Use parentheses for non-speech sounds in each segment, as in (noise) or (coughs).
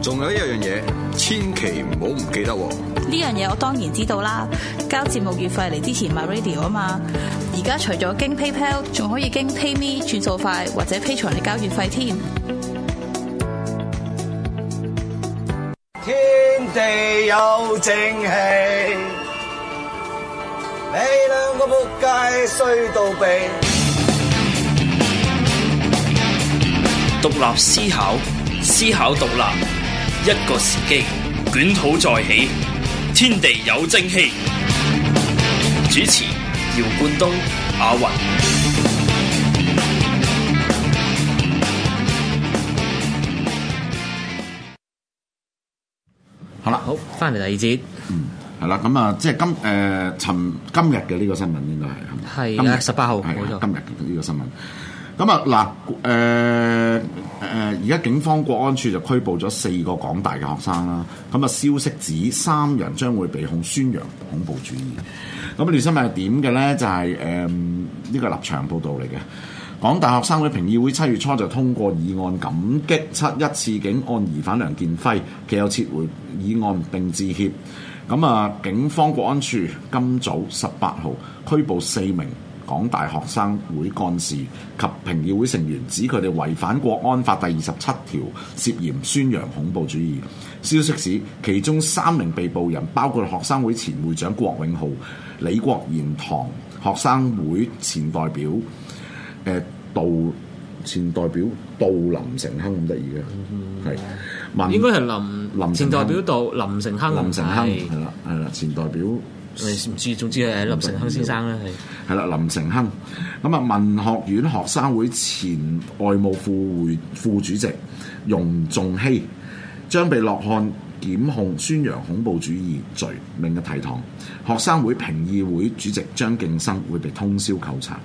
仲有一樣嘢，千祈唔好唔記得。呢樣嘢我當然知道啦，交節目月費嚟之前 MyRadio 啊嘛。而家除咗經 PayPal，仲可以經 PayMe 轉數快，或者 Patreon 嚟交月費添。天地有正氣，你兩個仆街衰到痹。獨立思考，思考獨立。一個時機，卷土再起，天地有正氣。主持：姚冠東、阿云。好啦，好，翻嚟第二節。嗯，係啦，咁啊，即係今誒，尋今日嘅呢個新聞應該係係今日十八號冇錯，今日嘅呢個新聞。咁啊嗱，誒誒，而家警方國安處就拘捕咗四個港大嘅學生啦。咁啊，消息指三人將會被控宣揚恐怖主義。咁段新聞係點嘅咧？就係誒呢個立場報導嚟嘅。港大學生會評議會七月初就通過議案，感激七一刺警案疑犯梁建輝，其後撤回議案並致歉。咁啊，警方國安處今早十八號拘捕四名港大學生會幹事及評議會成員指佢哋違反國安法第二十七條，涉嫌宣揚恐怖主義。消息指其中三名被捕人包括學生會前會長郭永浩、李國賢堂、學生會前代表，誒、呃、杜前代表杜林成亨。咁得意嘅，係應該係林林前代表杜林成亨，林成亨係啦，係啦，前代表。唔知，總之係林成亨先生啦，係。係啦，林成亨咁啊，文學院學生會前外務副會副主席容仲熙將被落案檢控宣揚恐怖主義罪，明日提堂。學生會評議會主席張敬生會被通宵扣查。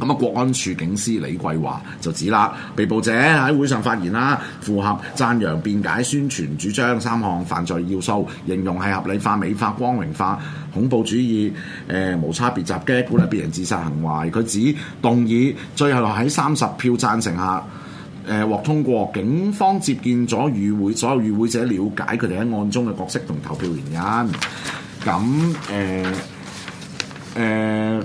咁啊，國安處警司李桂華就指啦，被捕者喺會上發言啦，符合讚揚、辯解、宣傳、主張三項犯罪要素，形容係合理化、美化、光榮化恐怖主義，誒、呃、無差別襲擊、鼓勵別人、自殺行為。佢指動議，最後喺三十票贊成下，誒、呃、獲通過。警方接見咗與會所有與會者，了解佢哋喺案中嘅角色同投票原因。咁誒誒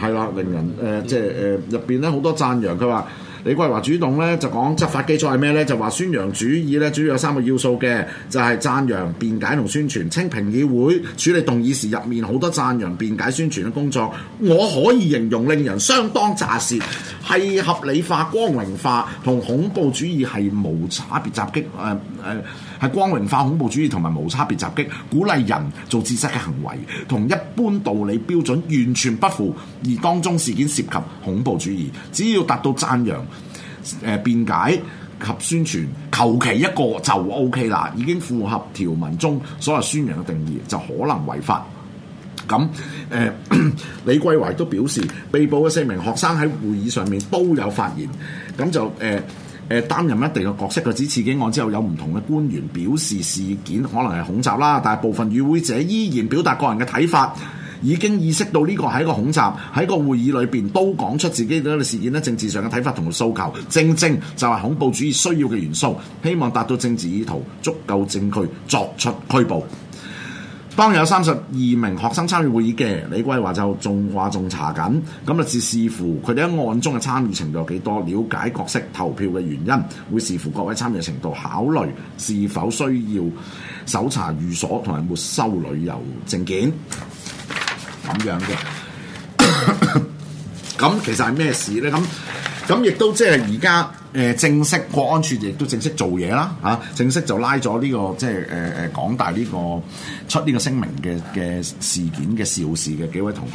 係啦，令人誒、呃、即係誒入邊咧好多讚揚，佢話李桂華主動咧就講執法基礎係咩咧？就話宣揚主義咧，主要有三個要素嘅，就係、是、讚揚、辯解同宣傳。清平議會處理動議時入面好多讚揚、辯解、宣傳嘅工作，我可以形容令人相當詐舌，係合理化、光榮化同恐怖主義係無差別襲擊誒誒。呃呃係光榮化恐怖主義同埋無差別襲擊，鼓勵人做自殺嘅行為，同一般道理標準完全不符。而當中事件涉及恐怖主義，只要達到讚揚、誒、呃、辯解及宣傳，求其一個就 OK 啦，已經符合條文中所謂宣揚嘅定義，就可能違法。咁誒、呃， (coughs) 李桂華都表示，被捕嘅四名學生喺會議上面都有發言，咁就誒。呃誒擔任一定嘅角色，佢指刺警案之後有唔同嘅官員表示事件可能係恐襲啦，但係部分與會者依然表達個人嘅睇法，已經意識到呢個係一個恐襲，喺個會議裏邊都講出自己嘅事件咧政治上嘅睇法同訴求，正正就係恐怖主義需要嘅元素，希望達到政治意圖，足夠證據作出拘捕。當有三十二名學生參與會議嘅，李桂華就仲話仲查緊，咁就視視乎佢哋喺案中嘅參與程度有幾多，了解角色投票嘅原因，會視乎各位參與程度，考慮是否需要搜查寓所同埋沒收旅遊證件咁樣嘅。咁 (coughs) 其實係咩事呢？咁。咁亦都即係而家，誒、呃、正式國安處亦都正式做嘢啦，嚇、啊！正式就拉咗呢個即係誒誒港大呢個出呢個聲明嘅嘅事件嘅肇事嘅幾位同學。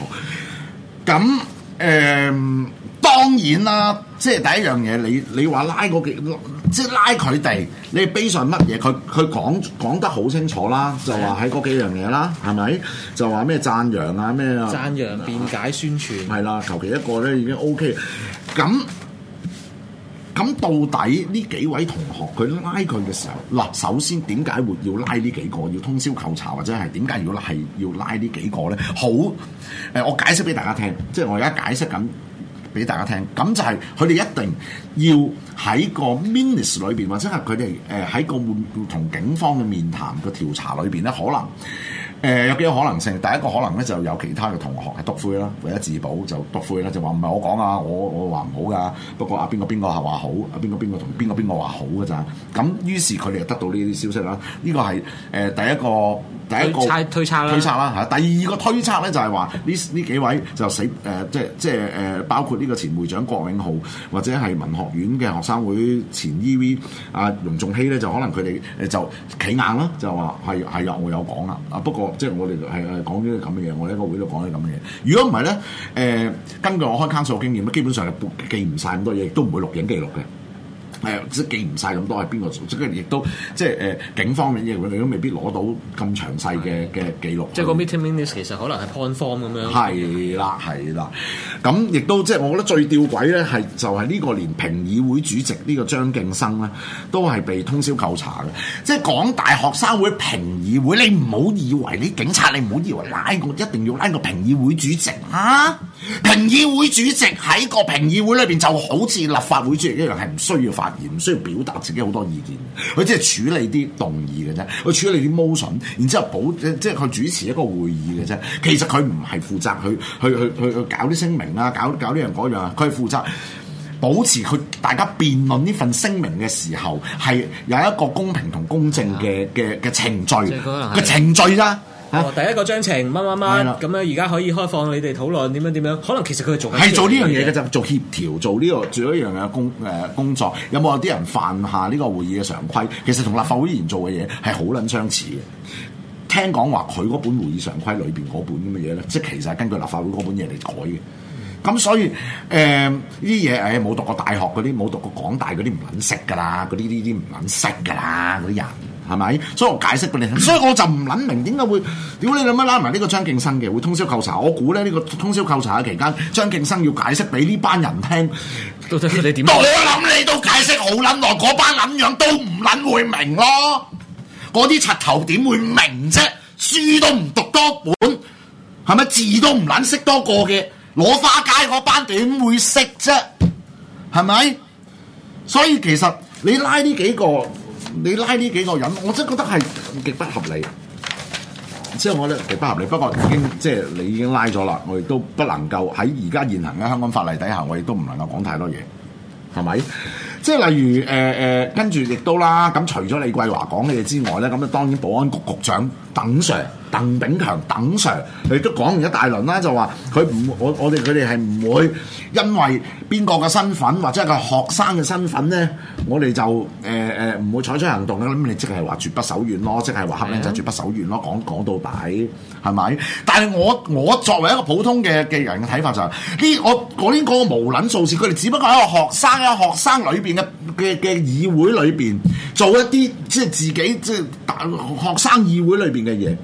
咁誒、呃、當然啦，即係第一樣嘢，你你話拉嗰幾即拉佢哋，你背上乜嘢？佢、佢、講講得好清楚啦，就話喺嗰幾樣嘢啦，係咪？就話咩讚揚啊咩啊？讚揚辯解宣傳係、啊、啦，求其一個咧已經 OK。咁咁到底呢幾位同學佢拉佢嘅時候，嗱，首先點解會要拉呢幾個要通宵扣查，或者係點解如果係要拉呢幾個咧？好誒，我解釋俾大家聽，即係我而家解釋緊俾大家聽，咁就係佢哋一定要喺個 minus 裏邊，或者係佢哋誒喺個同警方嘅面談個調查裏邊咧，可能。誒、呃、有幾個可能性？第一個可能咧，就有其他嘅同學係督灰啦，為咗自保就督灰啦，就話唔係我講啊，我我話唔好噶。不過啊，邊個邊個係話好？啊，邊個邊個同邊個邊個話好嘅咋？咁於是佢哋就得到呢啲消息啦。呢、這個係誒、呃、第一個。第一個推測啦，嚇。第二個推測咧，就係話呢呢幾位就死誒、呃，即即誒、呃，包括呢個前會長郭永浩，或者係文學院嘅學生會前 E V 阿、啊、容仲熙咧，就可能佢哋誒就企硬啦，就話係係啦，我有講啊。不過即我哋係講呢啲咁嘅嘢，我喺個會度講啲咁嘅嘢。如果唔係咧，誒、呃、根據我開卡數經驗咧，基本上係記唔晒咁多嘢，亦都唔會錄影記錄嘅。誒即係記唔晒咁多係邊個組織？即係亦都即係誒警方嘅嘢，佢哋都未必攞到咁詳細嘅嘅記錄。即係個 meeting minutes 其實可能係 point form 咁樣。係啦，係啦。咁、嗯、亦都即係我覺得最吊詭咧，係就係呢個連評議會主席呢個張敬生咧，都係被通宵扣查嘅。即係港大學生會評議會，你唔好以為你警察你唔好以為拉我一定要拉個評議會主席啊！評議會主席喺個評議會裏邊就好似立法會主席一樣，係唔需要反。而唔需要表達自己好多意見，佢只係處理啲動議嘅啫，佢處理啲 motion，然之後保即即係佢主持一個會議嘅啫。其實佢唔係負責去去去去去搞啲聲明啊，搞搞呢樣嗰樣啊，佢係負責保持佢大家辯論呢份聲明嘅時候係有一個公平同公正嘅嘅嘅程序，個程序啫。哦，第一個章程乜乜乜咁樣，而家可以開放你哋討論點樣點樣？可能其實佢係做係做呢樣嘢嘅就做協調，做呢個做一樣嘅工誒工作。有冇有啲人犯下呢個會議嘅常規？其實同立法會議員做嘅嘢係好撚相似嘅。聽講話佢嗰本會議常規裏邊嗰本咁嘅嘢咧，即係其實係根據立法會嗰本嘢嚟改嘅。咁所以誒，呢啲嘢誒冇讀過大學嗰啲，冇讀過港大嗰啲，唔撚識噶啦，嗰啲呢啲唔撚識噶啦，嗰啲人。係咪？所以我解釋俾你聽，所以我就唔撚明點解會屌你撚樣拉埋呢個張敬生嘅，會通宵扣查。我估咧呢個通宵扣查嘅期間，張敬生要解釋俾呢班人聽，到底佢哋點？我諗你都解釋好撚耐，嗰班撚樣都唔撚會明咯。嗰啲柒頭點會明啫？書都唔讀多本，係咪字都唔撚識多個嘅？攞花街嗰班點會識啫？係咪？所以其實你拉呢幾個。你拉呢幾個人，我真係覺得係極不合理。即係我覺得極不合理，不過已經即係你已經拉咗啦，我亦都不能夠喺而家現行嘅香港法例底下，我亦都唔能夠講太多嘢，係咪？即係例如誒誒，跟住亦都啦。咁除咗李桂華講嘅嘢之外咧，咁啊當然保安局局長鄧 Sir。鄧炳強等上，佢都講完一大輪啦，就話佢唔我我哋佢哋係唔會因為邊個嘅身份或者係個學生嘅身份咧，我哋就誒誒唔會採取行動咧。咁你即係話絕不手軟咯，即係話黑名就絕不手軟咯。講講到底係咪？但係我我作為一個普通嘅嘅人嘅睇法上，就係，呢我嗰啲嗰個無撚數字，佢哋只不過喺個學生喺學生裏邊嘅嘅嘅議會裏邊做一啲即係自己即係大學生議會裏邊嘅嘢。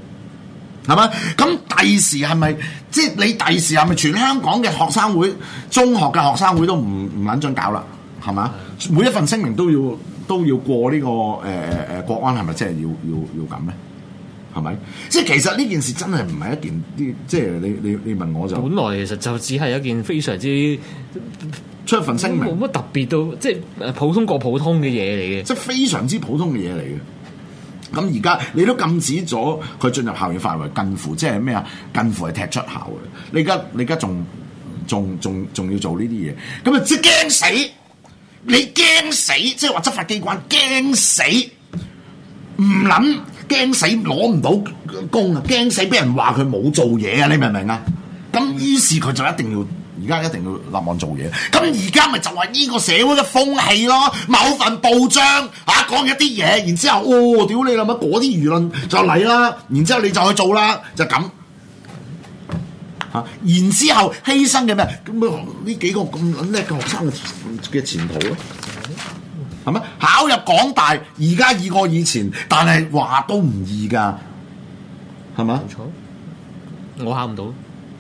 係嘛？咁第時係咪即係你第時係咪全香港嘅學生會、中學嘅學生會都唔唔諗住搞啦？係嘛？每一份聲明都要都要過呢個誒誒誒國安係咪即係要要要咁咧？係咪？即係其實呢件事真係唔係一件啲即係你你你問我就本來其實就只係一件非常之出一份聲明冇乜特別到即係誒普通過普通嘅嘢嚟嘅，即係非常之普通嘅嘢嚟嘅。咁而家你都禁止咗佢進入校園範圍，近乎即係咩啊？近乎係踢出校嘅。你而家你而家仲仲仲仲要做呢啲嘢，咁啊即係驚死！你驚死，即係話執法機關驚死，唔諗驚死攞唔到工啊！驚死俾人話佢冇做嘢啊！你明唔明啊？咁於是佢就一定要。而家一定要立案做嘢，咁而家咪就係呢個社會嘅風氣咯。某份報章啊講一啲嘢，然之後哦，屌你老母嗰啲輿論就嚟啦，然之後你就去做啦，就咁嚇、啊。然之後犧牲嘅咩咁？呢幾個咁叻嘅學生嘅前途咧，係咪考入港大？而家易過以前，但係話都唔易㗎，係咪啊？唔錯，我考唔到。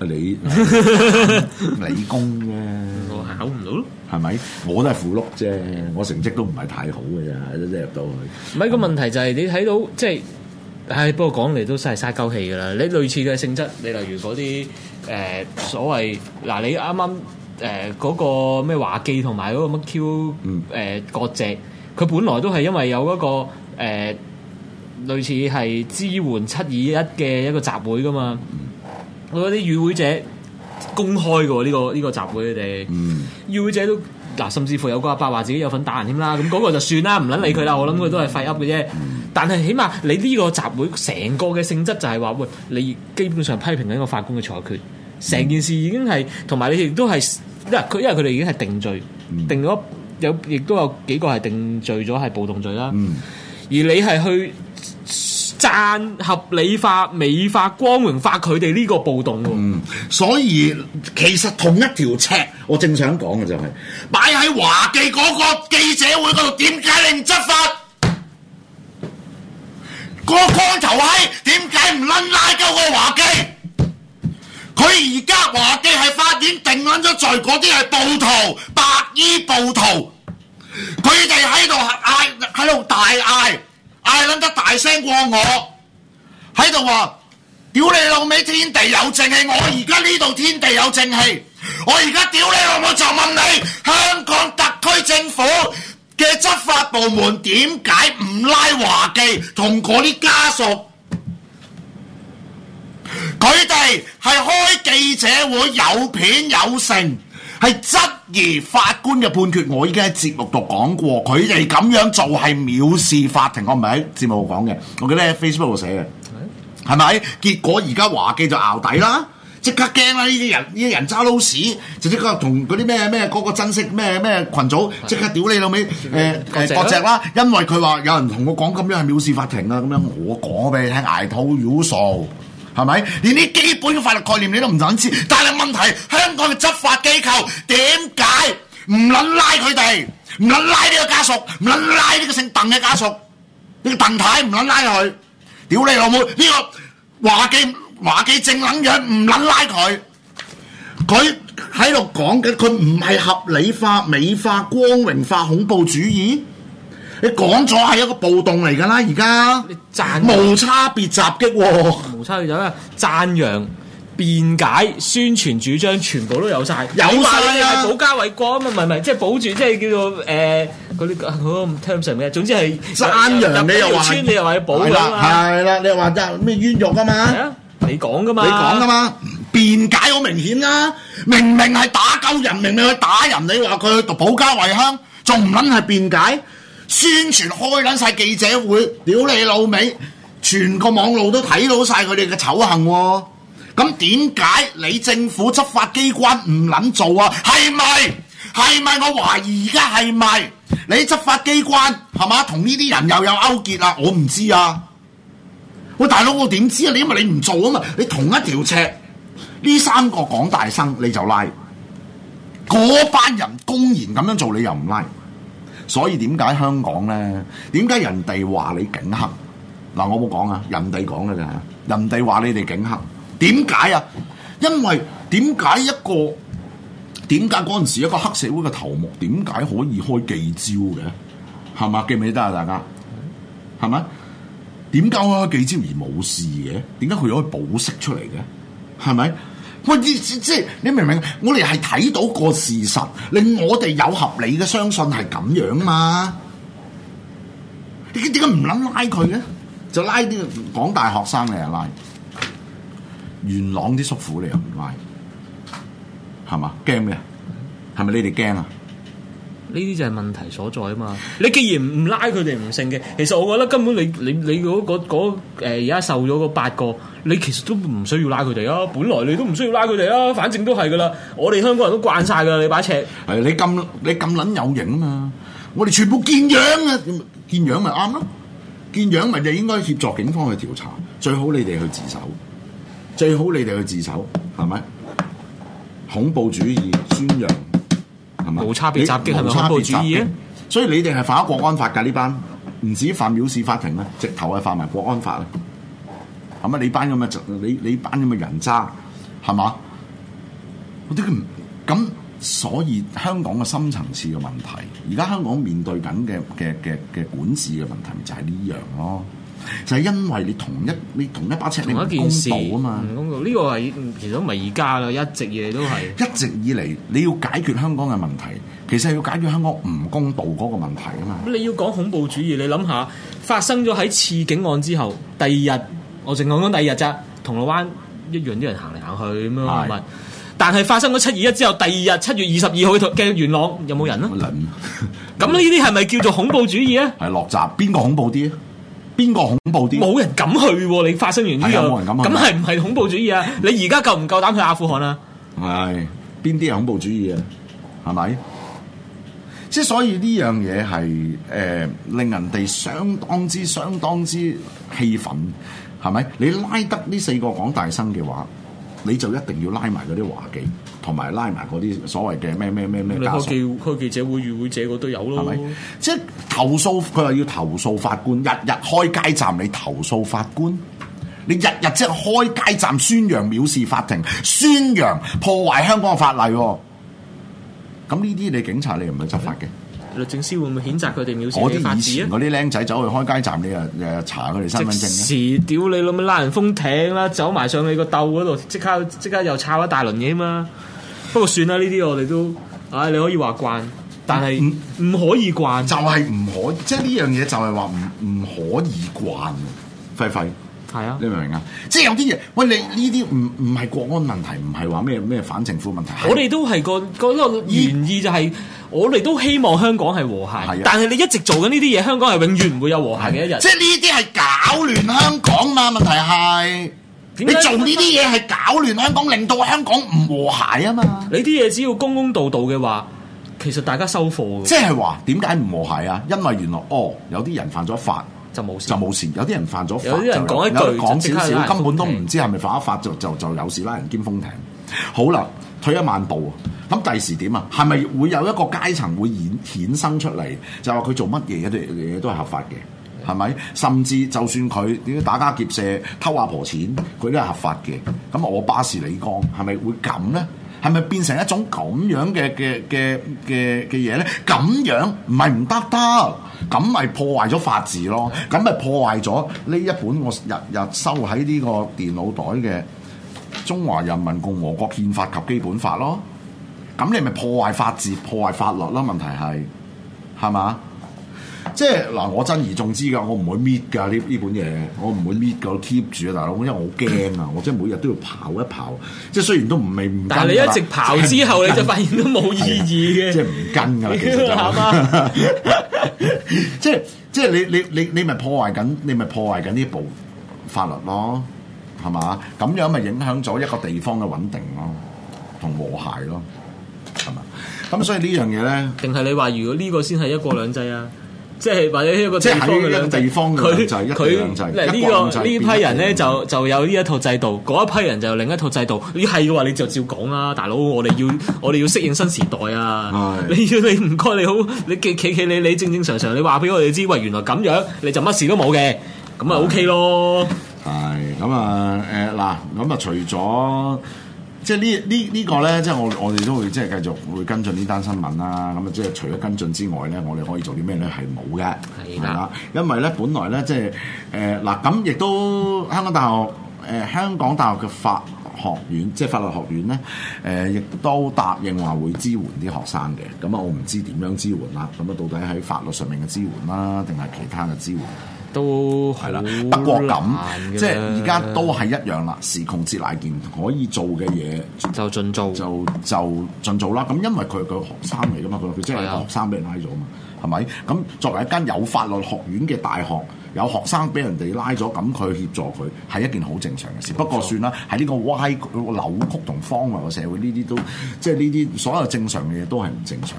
你 (laughs) 理工嘅， (laughs) 我考唔到咯，係咪？我都係附碌啫，我成績都唔係太好嘅，咋都入到去。唔係，個問題就係你睇到即係，唉、哎！不過講嚟都真係嘥鳩氣噶啦。你類似嘅性質，你例如嗰啲誒所謂嗱、呃，你啱啱誒嗰個咩華記同埋嗰個乜 Q 誒國籍，佢、嗯、本來都係因為有嗰個誒、呃、類似係支援七二一嘅一個集會噶嘛。嗯我覺得啲與會者公開嘅呢、呢個呢、呢個集會佢哋，嗯、與會者都嗱，甚至乎有個阿伯話自己有份打人添啦，咁、嗰、嗰個就算啦，唔撚理佢啦，我諗佢都係廢噏嘅啫。但係起碼你呢個集會成個嘅性質就係話，喂，你基本上批評緊個法官嘅裁決，成件事已經係同埋你亦都係，因為佢因為佢哋已經係定罪，定咗有亦都有幾個係定罪咗係暴動罪啦，而你係去。贊合理化美化光榮化佢哋呢個暴動，嗯，所以其實同一條尺，我正想講嘅就係擺喺華記嗰個記者會度，點解你唔執法？ (laughs) 個光頭閪點解唔撚拉鳩個華記？佢而家華記係法院定撚咗罪，嗰啲係暴徒，白衣暴徒，佢哋喺度嗌，喺度大嗌。艾嗌得大聲過我，喺度話：屌你老味，天地有正氣，我而家呢度天地有正氣，我而家屌你老母！就問你，香港特區政府嘅執法部門點解唔拉華記同嗰啲家屬？佢哋係開記者會有片有成。係質疑法官嘅判決，我已經喺節目度講過，佢哋咁樣做係藐視法庭，我唔係喺節目度講嘅，我記得喺 Facebook 度寫嘅，係咪嗎？結果而家華記就拗底啦，即、嗯、刻驚啦！呢啲人呢啲人渣撈屎，就即刻同嗰啲咩咩嗰個珍惜咩咩群組即刻屌你老尾誒割席啦！因為佢話有人同我講咁樣係藐視法庭啊，咁樣我講俾你聽，捱肚要數。係咪？連啲基本嘅法律概念你都唔想知，但係問題香港嘅執法機構點解唔撚拉佢哋？唔撚拉呢個家屬，唔撚拉呢個姓鄧嘅家屬，呢個鄧太唔撚拉佢？屌你老母！呢個華記華記正撚樣唔撚拉佢？佢喺度講緊，佢唔係合理化、美化、光榮化恐怖主義。你講咗係一個暴動嚟㗎啦，而家無差別襲擊喎，無差別做咩？讚揚、辯解、宣傳、主張，全部都有晒，有晒啊！保家衛國啊嘛，唔係唔係，即係保住，即係叫做誒嗰啲我唔聽唔明嘅，總之係讚揚。你又話你又話要保啦，係啦，你又話咩冤獄啊嘛？你講噶嘛？你講噶嘛？辯解好明顯啦，明明係打救人，明明去打人，你話佢去保家衛鄉，仲唔撚係辯解？宣傳開緊晒記者會，屌你老味，全個網路都睇到晒佢哋嘅醜行，啊，咁點解你政府執法機關唔撚做啊？係咪？係咪？我懷疑而家係咪？你執法機關係嘛？同呢啲人又有勾結啊？我唔知啊！喂，大佬我點知啊？你因為你唔做啊嘛？你同一條車，呢三個港大生你就拉，嗰班人公然咁樣做你又唔拉？所以點解香港咧？點解人哋話你警黑？嗱，我冇講啊，人哋講嘅啫。人哋話你哋警黑，點解啊？因為點解一個點解嗰陣時一個黑社會嘅頭目點解可以開記招嘅？係嘛？記唔記得啊？大家係咪？點解可以開記招而冇事嘅？點解佢可以保釋出嚟嘅？係咪？喂，意思即係你明唔明？我哋係睇到個事實，令我哋有合理嘅相信係咁樣嘛？你啲點解唔諗拉佢咧？就拉啲港大學生嚟啊！拉元朗啲叔父嚟啊！唔拉，係嘛？驚咩？係咪你哋驚啊？呢啲就係問題所在啊嘛！你既然唔拉佢哋，唔成嘅。其實我覺得根本你你你，嗰個誒而家受咗個八個，你其實都唔需要拉佢哋啊。本來你都唔需要拉佢哋啊，反正都係噶啦。我哋香港人都慣晒噶，你把尺，係你咁你咁撚有型啊嘛！我哋全部見樣啊，見樣咪啱咯，見樣咪就應該協助警方去調查，最好你哋去自首，最好你哋去自首，係咪？恐怖主義宣揚。冇差別襲擊係咪？你係咪差別主義，所以你哋係犯咗國安法㗎呢班，唔止犯藐視法庭啦，直頭係犯埋國安法啦。咁啊，你班咁啊，你你班咁嘅人渣係嘛？我啲唔。咁所以香港嘅深層次嘅問題，而家香港面對緊嘅嘅嘅嘅管治嘅問題就，就係呢樣咯。就係因為你同一你同一把尺，同一件事。啊嘛！唔公道呢，這個係其實唔係而家啦，一直嘢都係一直以嚟。你要解決香港嘅問題，其實係要解決香港唔公道嗰個問題啊嘛！咁你要講恐怖主義，你諗下發生咗喺刺警案之後第二日，我淨係講第二日咋，銅鑼灣一樣啲人行嚟行去咁樣問。但係發生咗七二一之後第二日，七月二十二號嘅元朗有冇人咧，啊？咁呢啲係咪叫做恐怖主義咧？係落閘，邊個恐怖啲咧？邊個恐怖啲？冇人敢去喎、啊！你發生完呢個，冇人敢去，咁係唔係恐怖主義啊？你而家夠唔夠膽去阿富汗啊？係邊啲係恐怖主義啊？係咪？即所以呢樣嘢係誒，令人哋相當之、相當之氣憤，係咪？你拉得呢四個港大生嘅話，你就一定要拉埋嗰啲華記。同埋拉埋嗰啲所謂嘅咩咩咩咩家屬，區記，記者會議、議會者嗰都有咯，係咪？即係投訴，佢話要投訴法官，日日開街站，你投訴法官，你日日即係開街站宣揚藐視法庭，宣揚破壞香港法例喎。咁呢啲你警察你又唔去執法嘅？律政司會唔會譴責佢哋藐視法？嗰啲以前啲僆仔走去開街站，你又又查佢哋身份證？是，屌你老母，拉人封艇啦，走埋上去個鬥嗰度，即刻即刻又炒一大輪嘢嘛～不過算啦，呢啲我哋都，唉、啊，你可以話慣，但係唔唔可以慣，嗯、就係、是、唔可，即係呢樣嘢就係話唔唔可以慣，廢廢。係啊，你明唔明啊？即係有啲嘢，喂，你呢啲唔唔係國安問題，唔係話咩咩反政府問題。我哋都係個嗰、啊、個原意就係，我哋都希望香港係和諧，啊、但係你一直做緊呢啲嘢，香港係永遠唔會有和諧嘅一日、啊。即係呢啲係搞亂香港嘛？問題係。你做呢啲嘢係搞亂香港，令到香港唔和諧啊嘛！你啲嘢只要公公道道嘅話，其實大家收貨嘅。即係話點解唔和諧啊？因為原來哦，有啲人犯咗法就冇就冇事，有啲人犯咗法，有啲人講一句講少少，根本都唔知係咪犯咗法，就就就有事拉人兼封艇。好啦，退一萬步，咁第時點啊？係咪會有一個階層會衍衍生出嚟，就話佢做乜嘢嘢都係合法嘅？係咪？甚至就算佢點樣打家劫舍、偷阿婆錢，佢都係合法嘅。咁我爸係李剛係咪會咁呢？係咪變成一種咁樣嘅嘅嘅嘅嘢呢？咁樣唔係唔得得，咁咪破壞咗法治咯？咁咪破壞咗呢一本我日日收喺呢個電腦袋嘅《中華人民共和國憲法及基本法》咯？咁你咪破壞法治、破壞法律咯？問題係係嘛？即係嗱，我珍而重之㗎，我唔會搣㗎呢呢本嘢，我唔會搣㗎，我 keep 住啊，大佬，因為我好驚啊，我即係每日都要刨一刨，即係雖然都唔係但係你一直刨之後，你就發現都冇意義嘅，啊。即係唔跟㗎啦，其實即係即係你你你你咪破壞緊，你咪破壞緊呢部法律咯，係嘛？咁樣咪影響咗一個地方嘅穩定咯，同和，和諧咯，係嘛？咁所以呢樣嘢咧，定係你話如果呢個先係一國兩制啊？即係或者一個地方嘅地方嘅制，一一個呢呢個呢批人咧就就有呢一套制度，嗰一批人就有另一套制度。你係嘅話，你就照講啦，大佬，我哋要我哋要適應新時代啊！你要你唔該你好，你企企企你你正正常常，你話俾我哋知，喂，原來咁樣你就乜事都冇嘅，咁啊 OK 咯。係咁啊誒嗱，咁啊除咗。即係呢呢呢個咧，即係我我哋都會即係繼續會跟進呢單新聞啦。咁啊，即係除咗跟進之外咧，我哋可以做啲咩咧？係冇嘅，係啦的。因為咧，本來咧，即係誒嗱，咁、呃、亦都香港大學誒、呃、香港大學嘅法學院，即係法律學院咧，誒、呃、亦都答應話會支援啲學生嘅。咁啊，我唔知點樣支援啦。咁啊，到底喺法律上面嘅支援啦，定係其他嘅支援？都係啦，不過咁難的 即係而家都係一樣啦。時窮節乃見，件可以做嘅嘢就盡做，就就盡做啦。咁因為佢佢係學生嚟噶嘛，佢佢即係個學生俾人拉咗嘛，係咪的？咁作為一間有法律學院嘅大學，有學生俾人哋拉咗，咁佢協助佢係一件好正常嘅事。不過算啦，喺呢個歪扭曲同荒謬嘅社會，呢啲都即係呢啲所有正常嘅嘢都係唔正常。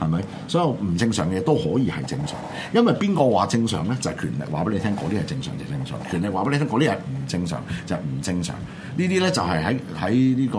係咪？所有唔正常嘅嘢都可以係正常，因為邊個話正常咧？就係權力話俾你聽，嗰啲係正常就正常，就正常；權力話俾你聽，嗰啲係唔正常就唔正常。呢啲咧就係喺喺呢個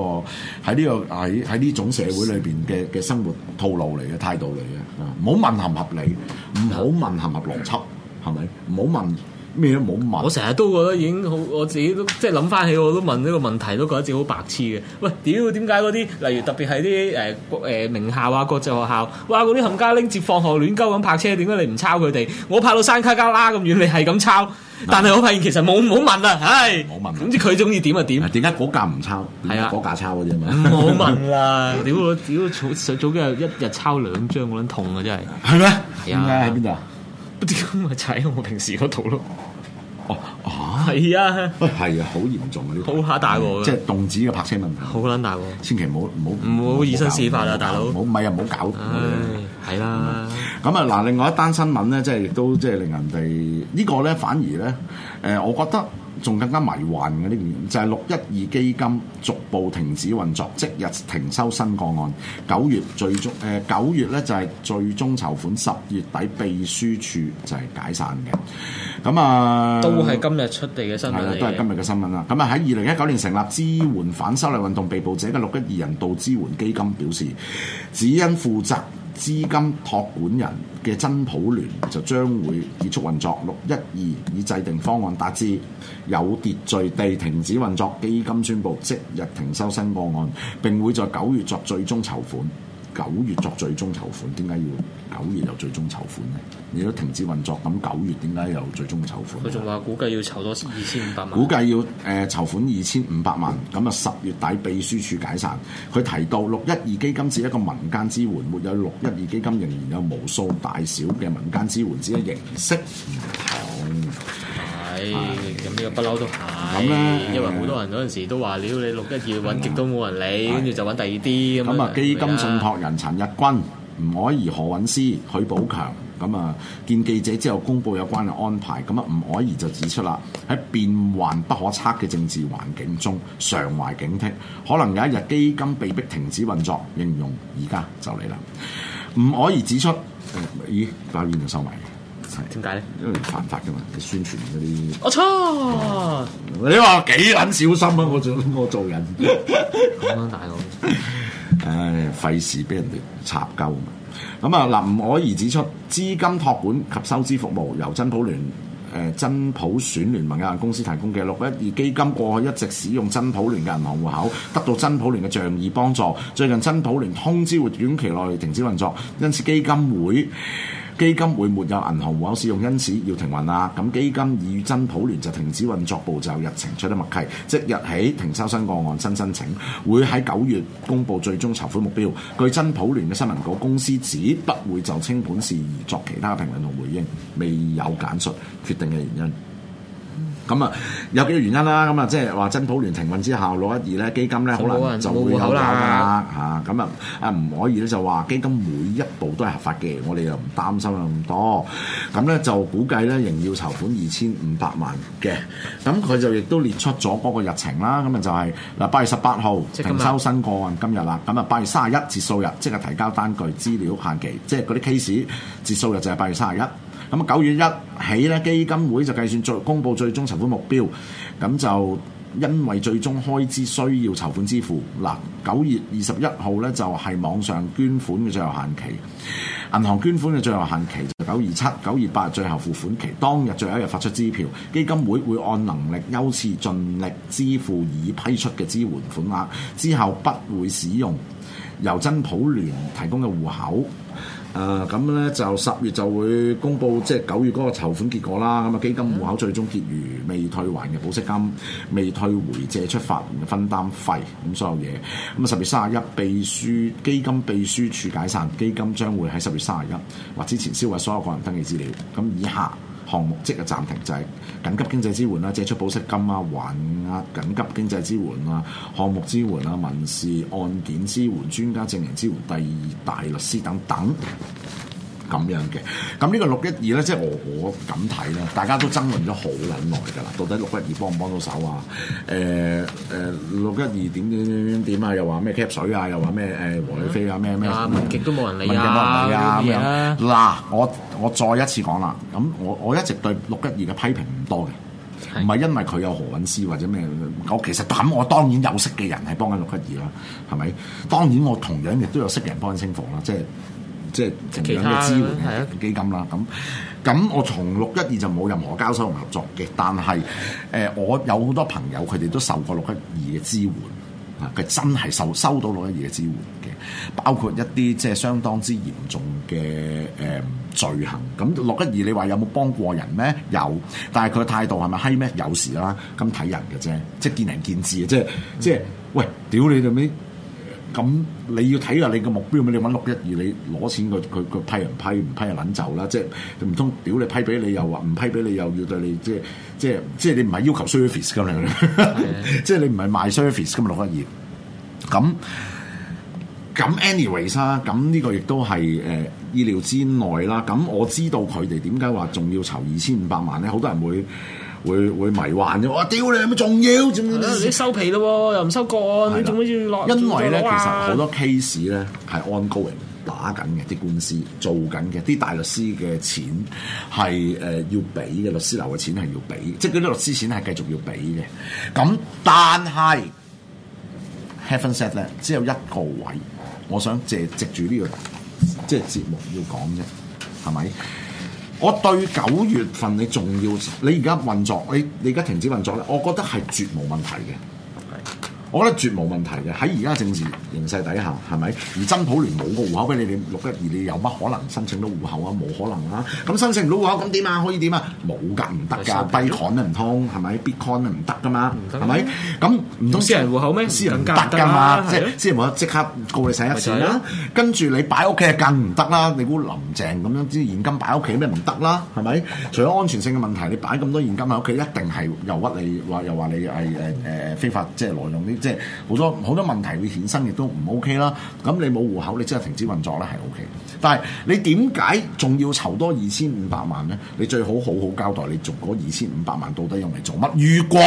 喺呢個喺喺呢種社會裏邊嘅嘅生活套路嚟嘅態度嚟嘅。唔好問合唔合理，唔好問合唔合邏輯，係咪？唔好問。咩都冇好問。我成日都覺得已經好，我自己都即係諗翻起我都問呢個問題，都覺得自己好白痴嘅。喂，屌點解嗰啲，例如特別係啲誒誒名校啊、國際學校，哇嗰啲冚家拎接放學亂鳩咁泊車，點解你唔抄佢哋？我拍到山卡啦，咁遠，你係咁抄，但係我發現其實冇冇問啦，唉、哎，冇問。總之佢中意點就點。點解嗰架唔抄？係啊，嗰架 (laughs) 抄嘅啫嘛。冇問啦。屌， (laughs) 屌早早幾日一日抄兩張，我撚痛啊真係。係咩？係啊。喺邊度啊？知咁咪就喺我平時嗰度咯。哦，哦啊，係、哎、啊，係啊，好嚴重啊！呢個好嚇大鑊即係動子嘅泊車問題，好撚大鑊，千祈唔好唔好唔好以身試法啊，大佬，唔咪啊唔好搞，係啦哥。咁、哎、啊嗱、嗯，另外一單新聞咧，即係亦都即係令人哋、這個、呢個咧，反而咧，誒，我覺得。仲更加迷幻嗰啲，就係六一二基金逐步停止運作，即日停收新個案。九月最終，誒、呃、九月咧就係最終籌款，十月底秘書處就係解散嘅。咁啊，都係今日出地嘅新聞，係啦，都係今日嘅新聞啦。咁啊的，喺二零一九年成立支援反修例運動被捕者嘅六一二人道支援基金表示，只因負責。資金託管人嘅真普聯就將會結束運作，六一二以制定方案達至有秩序地停止運作，基金宣布即日停收新個案，並會在九月作最終籌款。九月作最終籌款，點解要九月有最終籌款咧？你都停止運作，咁九月點解有最終籌款？佢仲話估計要籌多二千五百萬，估計要誒籌、呃、款二千五百萬。咁啊十月底秘書處解散，佢提到六一二基金是一個民間支援，沒有六一二基金仍然有無數大小嘅民間支援，只係形式唔同。哎哎不嬲都係，因為好多人嗰陣時都話，屌你六一二揾極都冇人理，跟住的就揾第二啲。咁啊樣，基金信託人陳日君、吳靄儀、何韻詩、許寶強，咁啊，見記者之後公佈有關嘅安排。咁啊，吳靄儀就指出啦，喺變幻不可測嘅政治環境中，常懷警惕，可能有一日基金被逼停止運作。形容而家就嚟啦，吳靄儀指出，呃、咦，突然就收埋。點解咧？為呢因為犯法噶嘛，你宣傳嗰啲我錯，你話幾捻小心啊？我做我做人咁解我，唉，費事俾人哋插鳩。咁啊，林可怡指出，資金託管及收支服務由真普聯誒真普選聯盟有限公司提供嘅612基金過去一直使用真普聯嘅銀行戶口，得到真普聯嘅仗義幫助。最近真普聯通知會短期內停止運作，因此基金會。基金會沒有銀行戶口使用，因此要停運啦。咁基金已與真普聯就停止運作步驟，日程取得默契，即日起停收新個案新申請，會喺九月公布最終籌款目標。據真普聯嘅新聞稿，公司只不會就清盤事宜作其他評論同回應，未有簡述決定嘅原因。咁啊，有幾個原因啦。咁啊，即係話真普聯停運之後，六一二咧基金咧，可能就會有啲啦嚇。咁啊啊，唔、啊、可以咧就話基金每一步都係合法嘅，我哋又唔擔心咁多。咁咧就估計咧仍要籌款二千五百萬嘅。咁佢就亦都列出咗嗰個日程啦。咁啊就係嗱八月十八號停收新個案，今日啦。咁啊八月三十一截數日，即係提交單據資料限期，即係嗰啲 case 截數日就係八月三十一。咁九月一起咧，基金會就計算最公佈最終籌款目標。咁就因為最終開支需要籌款支付，嗱，九月二十一號咧就係網上捐款嘅最後限期。銀行捐款嘅最後限期就九二七、九二八最後付款期，當日最後一日發出支票。基金會會按能力優次盡力支付已批出嘅支援款額，之後不會使用由真普聯提供嘅戶口。啊，咁咧、uh, 就十月就會公布，即係九月嗰個籌款結果啦。咁啊，基金戶口最終結餘未退還嘅保釋金，未退回借出發分擔費，咁所有嘢。咁啊，十月三十一，秘書基金秘書處解散，基金將會喺十月三十一或之前銷毀所有個人登記資料。咁以下。項目即係暫停，就係緊急經濟支援啦，借出保釋金啊，還押緊急經濟支援啊，項目支援啊，民事案件支援，專家證人支援，第二大律師等等。咁樣嘅，咁呢個六一二咧，即係我我咁睇啦，大家都爭論咗好撚耐㗎啦，到底六一二幫唔幫到手啊？誒、欸、誒，六一二點點點點點啊？又話咩吸水啊？又話咩誒黃宇飛啊？咩咩？問、啊、極都冇人理啊！嗱、啊啊，我我再一次講啦，咁我我一直對六一二嘅批評唔多嘅，唔係是的 因為佢有何韻詩或者咩，我其實咁我當然有識嘅人係幫緊六一二啦，係咪？當然我同樣亦都有識嘅人幫緊升幅啦，即係。即係同樣嘅支援嘅基金啦，咁咁我從六一二就冇任何交收同合作嘅，但係誒、呃、我有好多朋友佢哋都受過六一二嘅支援，啊佢真係受收到六一二嘅支援嘅，包括一啲即係相當之嚴重嘅誒、呃、罪行，咁六一二你話有冇幫過人咩？有，但係佢嘅態度係咪閪咩？ (noise) 是是 hey, man, 有時啦，咁睇人嘅啫，即係見仁見智，即係即係喂，屌你到咩？ (noise) 」 (noise) 咁你要睇下你個目標咩？你揾六一二，你攞錢個佢佢批人批唔批,批就撚走啦！即係唔通屌你批俾你又話唔批俾你又要對你即係即係即係你唔係要求 service 咁樣， (laughs) 即係你唔係賣 service 咁嘛六一二。咁咁 anyways 啊，咁呢個亦都係誒意料之內啦。咁我知道佢哋點解話仲要籌二千五百萬咧，好多人會。會會迷幻嘅，我、啊、屌你，有乜重要？你收皮咯喎、哦，又唔收個案、啊，的你做乜要落？因為咧，其實好多 case 咧係 ongoing 打緊嘅，啲官司做緊嘅，啲大律師嘅錢係誒、呃、要俾嘅，律師樓嘅錢係要俾，即係嗰啲律師錢係繼續要俾嘅。咁但係 heaven set 咧，只有一個位，我想借藉住呢、這個即係節目要講啫，係咪？我對九月份你仲要，你而家運作，你你而家停止運作咧，我覺得係絕冇問題嘅。我覺得絕冇問題嘅，喺而家政治形勢底下，係咪？而真普聯冇個戶口俾你哋六一二，你有乜可能申請到戶口啊？冇可能啊！咁申請到戶口，咁點啊？可以點啊？冇噶，唔得噶 Bitcoin 都唔通，係咪？Bitcoin 都唔得噶嘛，係咪、啊？咁唔通私人戶口咩？私人唔得噶嘛，即係私人話即刻告你寫一紙啦，跟住你擺屋企啊，啊更唔得啦！你估林鄭咁樣之現金擺屋企咩唔得啦？係咪？除咗安全性嘅問題，你擺咁多現金喺屋企，一定係又屈你話又話你係誒誒非法即係挪用呢。即係好多好多問題會衍生，亦都唔 OK 啦。咁你冇戶口，你即係停止運作啦，係 OK。但係你點解仲要籌多二千五百萬咧？你最好好好交代你做嗰二千五百萬到底用嚟做乜？如果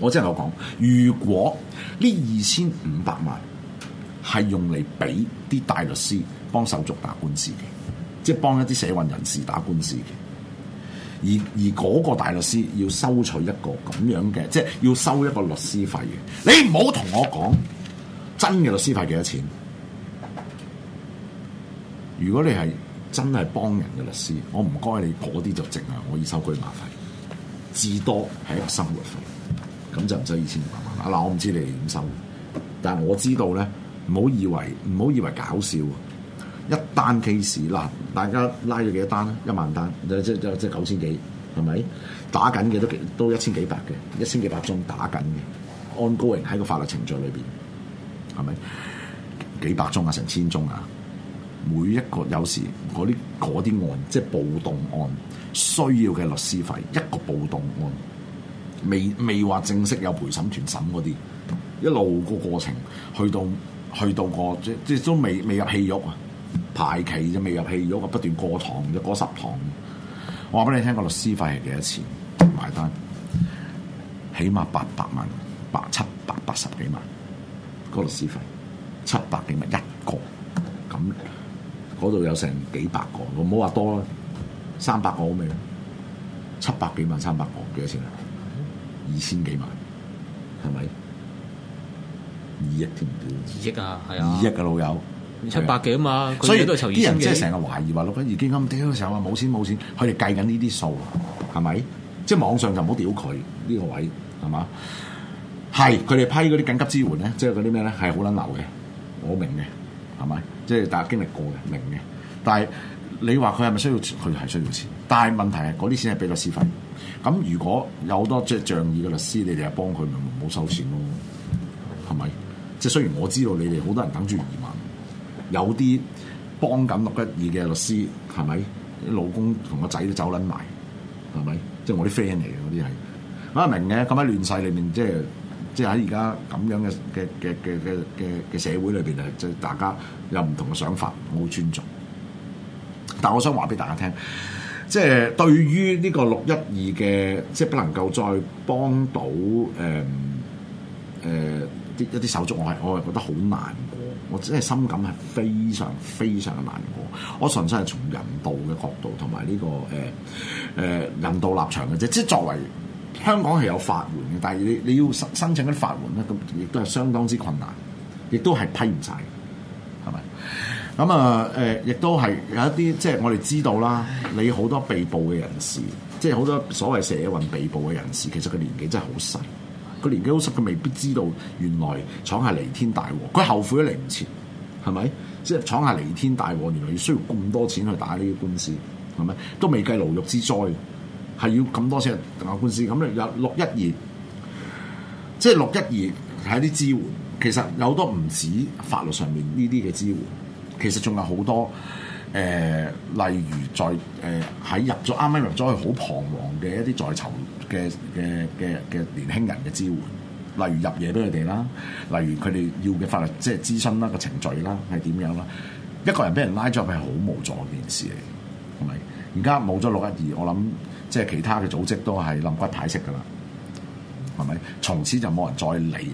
我即係我講，如果呢二千五百萬係用嚟俾啲大律師幫手續打官司嘅，即係幫一啲社運人士打官司嘅。而而嗰個大律師要收取一個咁樣嘅，即係要收一個律師費嘅。你唔好同我講真嘅律師費幾多錢？如果你係真係幫人嘅律師，我唔該你嗰啲就淨係我要收取馬費，至多係一個生活費。咁就唔使二千五百萬啦。嗱，我唔知你哋點收，但係我知道咧，唔好以為唔好以為搞笑。一單 case 嗱，大家拉咗幾多單啊？一萬單，即即即九千幾，係咪打緊嘅都幾都一千幾百嘅，一千幾百宗打緊嘅，on-going 喺個法律程序裏邊係咪幾百宗啊？成千宗啊！每一個有時嗰啲啲案，即暴動案需要嘅律師費，一個暴動案未未話正式有陪審團審嗰啲，一路個過程去到去到個即即都未未入戲肉啊！排期就未入戲，如果不斷過堂就過十堂。我話俾你聽，個律師費係幾多錢？埋單起碼八百萬，八七百八十幾萬。嗰、嗰個、律師費七百幾萬一個，咁嗰度有成幾百個，我唔好話多啦，三百個好未？七百幾萬三百個幾多錢啊？二千幾萬係咪？二億添？點？二億啊，係啊，二億嘅、啊、老友。七百幾啊嘛，所以都係籌錢啲人即係成日懷疑話六百二千咁屌嘅時候話冇錢冇錢，佢哋計緊呢啲數，係咪？即係網上就唔好屌佢呢個位，係嘛？係佢哋批嗰啲緊急支援咧，即係嗰啲咩咧？係好撚流嘅，我明嘅，係咪？即係大家經歷過嘅，明嘅。但係你話佢係咪需要？佢係需要錢。但係問題係嗰啲錢係俾律師費。咁如果有好多即係仗義嘅律師，你哋就幫佢咪唔好收錢咯？係咪？即係雖然我知道你哋好多人等住移民。有啲幫緊六一二嘅律師係咪？老公同個仔都走撚埋，係咪？即係我啲 friend 嚟嘅啲係我都明嘅。咁喺亂世裏面，即係即係喺而家咁樣嘅嘅嘅嘅嘅嘅社會裏邊啊，即係大家有唔同嘅想法，我好尊重。但係我想話俾大家聽，即係對於呢個六一二嘅，即係不能夠再幫到誒誒啲一啲手足我係我係覺得好難。我真係心感係非常非常嘅難過，我純粹係從人道嘅角度同埋呢個誒誒、呃呃、人道立場嘅啫，即係作為香港係有法援嘅，但係你你要申申請啲法援咧，咁亦都係相當之困難，亦都係批唔晒。係咪？咁啊誒，亦、呃、都係有一啲即係我哋知道啦，你好多被捕嘅人士，即係好多所謂社運被捕嘅人士，其實佢年紀真係好細。佢年紀好細，佢未必知道原來闖下彌天大禍，佢後悔都嚟唔切，係咪？即係闖下彌天大禍，原來要需要咁多錢去打呢啲官司，係咪？都未計牢獄之災，係要咁多錢去打官司。咁咧有六一二，即係六一二係啲支援，其實有好多唔止法律上面呢啲嘅支援，其實仲有好多。誒、呃，例如在誒喺、呃、入咗啱啱入咗去好彷徨嘅一啲在囚嘅嘅嘅嘅年輕人嘅支援，例如入嘢俾佢哋啦，例如佢哋要嘅法律即係諮詢啦、個程序啦係點樣啦，一個人俾人拉咗入去係好無助嘅一件事嚟，係咪？而家冇咗六一二，我諗即係其他嘅組織都係冧骨牌式㗎喇，係咪？從此就冇人再理。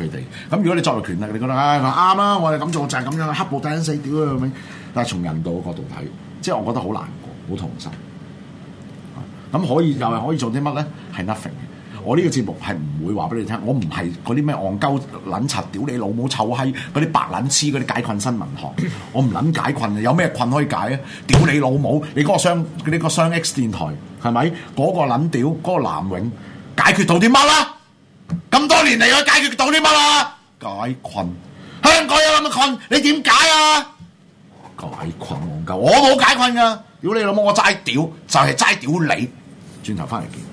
佢哋咁，如果你作為權力，你覺得唉，佢啱啦，我哋咁做就係、是、咁樣，黑布底緊死，屌佢，但係從人道嘅角度睇，即係我覺得好難過，好痛心。咁可以又係可以做啲乜咧？係 nothing。我呢個節目係唔會話俾你聽，我唔係嗰啲咩戇鳩、撚柒、屌你老母、臭閪嗰啲白撚黐嗰啲解困新聞學。我唔撚解困，有咩困可以解啊？屌你老母！你嗰個雙嗰啲個雙 X 電台係咪嗰個撚屌嗰個南永解決到啲乜啦？咁多年嚟，我解決到啲乜啊？解困，香港有咁嘅困，你點解啊？解困憨鳩，我冇解困噶。屌你老母，我齋屌，就係齋屌你。轉頭翻嚟見。